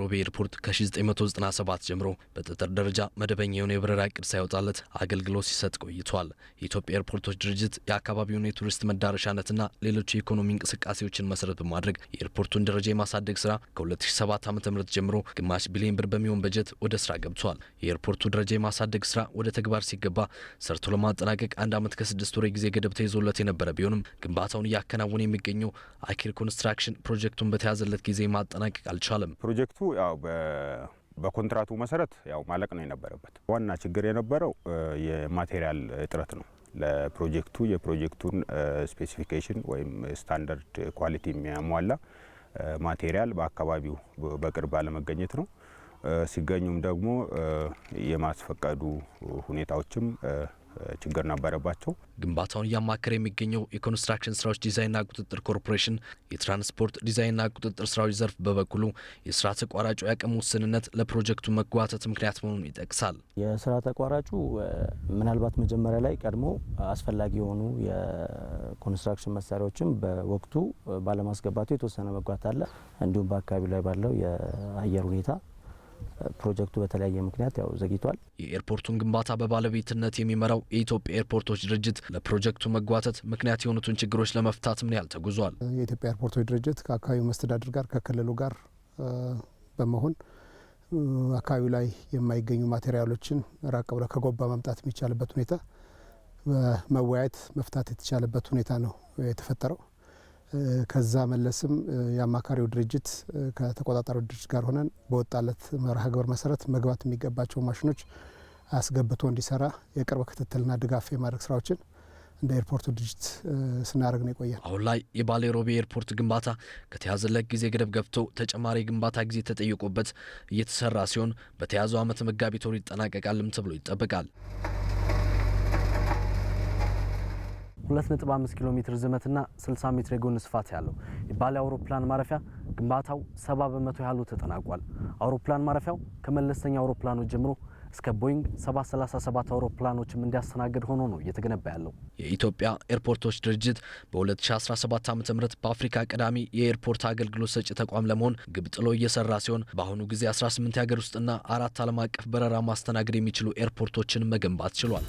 ሮቤ ኤርፖርት ከ1997 ጀምሮ በጠጠር ደረጃ መደበኛ የሆነ የበረራ እቅድ ሳይወጣለት አገልግሎት ሲሰጥ ቆይቷል። የኢትዮጵያ ኤርፖርቶች ድርጅት የአካባቢውን የቱሪስት መዳረሻነትና ሌሎች የኢኮኖሚ እንቅስቃሴዎችን መሰረት በማድረግ የኤርፖርቱን ደረጃ የማሳደግ ስራ ከ2007 ዓ ም ጀምሮ ግማሽ ቢሊዮን ብር በሚሆን በጀት ወደ ስራ ገብቷል። የኤርፖርቱ ደረጃ የማሳደግ ስራ ወደ ተግባር ሲገባ ሰርቶ ለማጠናቀቅ አንድ ዓመት ከስድስት ወር ጊዜ ገደብ ተይዞለት የነበረ ቢሆንም ግንባታውን እያከናወነ የሚገኘው አኪር ኮንስትራክሽን ፕሮጀክቱን በተያዘለት ጊዜ ማጠናቀቅ አልቻለም። ፕሮጀክቱ ያው በኮንትራቱ መሰረት ያው ማለቅ ነው የነበረበት። ዋና ችግር የነበረው የማቴሪያል እጥረት ነው። ለፕሮጀክቱ የፕሮጀክቱን ስፔሲፊኬሽን ወይም ስታንዳርድ ኳሊቲ የሚያሟላ ማቴሪያል በአካባቢው በቅርብ አለመገኘት ነው። ሲገኙም ደግሞ የማስፈቀዱ ሁኔታዎችም ችግር ነበረባቸው። ግንባታውን እያማከረ የሚገኘው የኮንስትራክሽን ስራዎች ዲዛይንና ቁጥጥር ኮርፖሬሽን የትራንስፖርት ዲዛይንና ቁጥጥር ስራዎች ዘርፍ በበኩሉ የስራ ተቋራጩ የአቅም ውስንነት ለፕሮጀክቱ መጓተት ምክንያት መሆኑን ይጠቅሳል። የስራ ተቋራጩ ምናልባት መጀመሪያ ላይ ቀድሞ አስፈላጊ የሆኑ የኮንስትራክሽን መሳሪያዎችን በወቅቱ ባለማስገባቱ የተወሰነ መጓት አለ። እንዲሁም በአካባቢው ላይ ባለው የአየር ሁኔታ ፕሮጀክቱ በተለያየ ምክንያት ያው ዘግይቷል። የኤርፖርቱን ግንባታ በባለቤትነት የሚመራው የኢትዮጵያ ኤርፖርቶች ድርጅት ለፕሮጀክቱ መጓተት ምክንያት የሆኑትን ችግሮች ለመፍታት ምን ያህል ተጉዟል? የኢትዮጵያ ኤርፖርቶች ድርጅት ከአካባቢው መስተዳድር ጋር ከክልሉ ጋር በመሆን አካባቢው ላይ የማይገኙ ማቴሪያሎችን ራቅ ብለው ከጎባ ማምጣት የሚቻልበት ሁኔታ በመወያየት መፍታት የተቻለበት ሁኔታ ነው የተፈጠረው። ከዛ መለስም የአማካሪው ድርጅት ከተቆጣጣሪው ድርጅት ጋር ሆነን በወጣለት መርሃ ግብር መሰረት መግባት የሚገባቸው ማሽኖች አስገብቶ እንዲሰራ የቅርብ ክትትልና ድጋፍ የማድረግ ስራዎችን እንደ ኤርፖርቱ ድርጅት ስናደርግ ነው ይቆያል። አሁን ላይ የባሌ ሮቤ ኤርፖርት ግንባታ ከተያዘለት ጊዜ ገደብ ገብቶ ተጨማሪ ግንባታ ጊዜ ተጠይቆበት እየተሰራ ሲሆን በተያዘው ዓመት መጋቢት ወር ይጠናቀቃልም ተብሎ ይጠበቃል። 2.5 ኪሎ ሜትር ዝመትና 60 ሜትር የጎን ስፋት ያለው የባሌ አውሮፕላን ማረፊያ ግንባታው 70 በመቶ ያህሉ ተጠናቋል። አውሮፕላን ማረፊያው ከመለስተኛ አውሮፕላኖች ጀምሮ እስከ ቦይንግ 737 አውሮፕላኖችም እንዲያስተናግድ ሆኖ ነው እየተገነባ ያለው። የኢትዮጵያ ኤርፖርቶች ድርጅት በ2017 ዓ ም በአፍሪካ ቀዳሚ የኤርፖርት አገልግሎት ሰጪ ተቋም ለመሆን ግብ ጥሎ እየሰራ ሲሆን በአሁኑ ጊዜ 18 የሀገር ውስጥና አራት ዓለም አቀፍ በረራ ማስተናገድ የሚችሉ ኤርፖርቶችን መገንባት ችሏል።